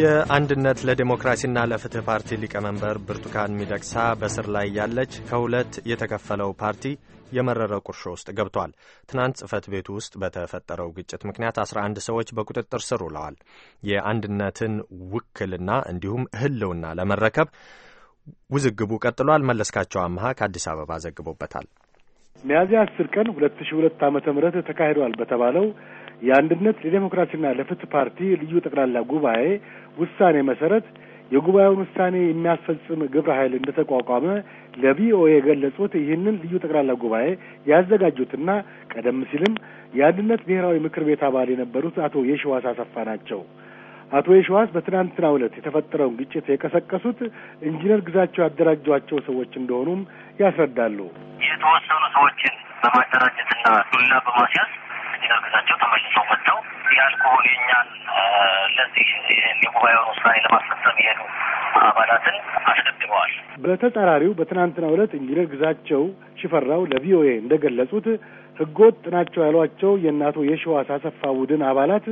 የአንድነት ለዴሞክራሲና ለፍትህ ፓርቲ ሊቀመንበር ብርቱካን ሚደቅሳ በስር ላይ ያለች ከሁለት የተከፈለው ፓርቲ የመረረ ቁርሾ ውስጥ ገብቷል። ትናንት ጽህፈት ቤቱ ውስጥ በተፈጠረው ግጭት ምክንያት 11 ሰዎች በቁጥጥር ስር ውለዋል። የአንድነትን ውክልና እንዲሁም ህልውና ለመረከብ ውዝግቡ ቀጥሏል። መለስካቸው አመሃ ከአዲስ አበባ ዘግቦበታል። ሚያዝያ አስር ቀን ሁለት ሺ ሁለት ዓመተ ተካሂዷል በተባለው የአንድነት ለዴሞክራሲና ለፍትህ ፓርቲ ልዩ ጠቅላላ ጉባኤ ውሳኔ መሰረት የጉባኤውን ውሳኔ የሚያስፈጽም ግብረ ኃይል እንደተቋቋመ ለቪኦኤ የገለጹት ይህንን ልዩ ጠቅላላ ጉባኤ ያዘጋጁትና ቀደም ሲልም የአንድነት ብሔራዊ ምክር ቤት አባል የነበሩት አቶ የሸዋስ አሰፋ ናቸው። አቶ የሸዋስ በትናንትናው ዕለት የተፈጠረውን ግጭት የቀሰቀሱት ኢንጂነር ግዛቸው ያደራጇቸው ሰዎች እንደሆኑም ያስረዳሉ። የተወሰኑ ሰዎችን በማደራጀትና ዱላ በማስያዝ በዚህ ድርጊታቸው ተመልሰው መጥተው የአልኮሆል የኛን ለዚህ የጉባኤውን ስራ ለማስፈጸም የሄዱ አባላትን አስገድበዋል። በተጻራሪው በትናንትናው ዕለት እንግዲህ ግዛቸው ሽፈራው ለቪኦኤ እንደገለጹት ህገወጥ ናቸው ያሏቸው የእናቶ የሸዋስ አሰፋ ቡድን አባላት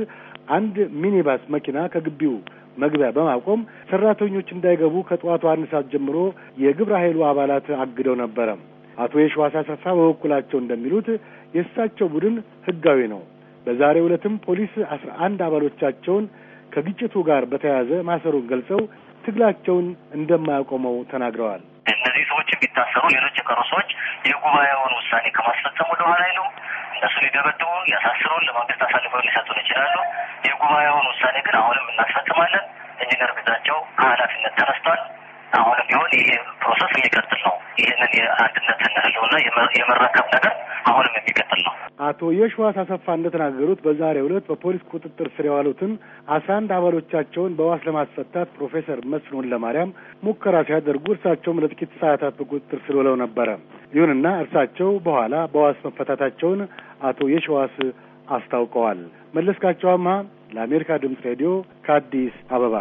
አንድ ሚኒባስ መኪና ከግቢው መግቢያ በማቆም ሰራተኞች እንዳይገቡ ከጠዋቱ አንድ ሰዓት ጀምሮ የግብረ ኃይሉ አባላት አግደው ነበረም። አቶ የሸዋስ አሰፋ በበኩላቸው እንደሚሉት የእሳቸው ቡድን ህጋዊ ነው። በዛሬው ዕለትም ፖሊስ አስራ አንድ አባሎቻቸውን ከግጭቱ ጋር በተያያዘ ማሰሩን ገልጸው ትግላቸውን እንደማያቆመው ተናግረዋል። እነዚህ ሰዎች ቢታሰሩ ሌሎች የቀሩ ሰዎች የጉባኤውን ውሳኔ ከማስፈጸሙ ወደኋላ አይሉም። እነሱ ሊደበድቡን፣ ሊያሳስሩን፣ ለመንግስት አሳልፈው ሊሰጡን ይችላሉ። የጉባኤውን ውሳኔ ግን አሁንም እናስፈጽማለን። ኢንጂነር ግዛቸው ከኃላፊነት ተነስቷል። አሁንም ይሄ ፕሮሰስ የሚቀጥል ነው። ይህንን የአንድነትን ህልውና የመረከብ ነገር አሁንም የሚቀጥል ነው። አቶ የሸዋስ አሰፋ እንደተናገሩት በዛሬው ዕለት በፖሊስ ቁጥጥር ስር የዋሉትን አስራ አንድ አባሎቻቸውን በዋስ ለማስፈታት ፕሮፌሰር መስፍን ለማርያም ሙከራ ሲያደርጉ እርሳቸውም ለጥቂት ሰዓታት በቁጥጥር ስር ውለው ነበረ። ይሁንና እርሳቸው በኋላ በዋስ መፈታታቸውን አቶ የሸዋስ አስታውቀዋል። መለስካቸው ለአሜሪካ ድምፅ ሬዲዮ ከአዲስ አበባ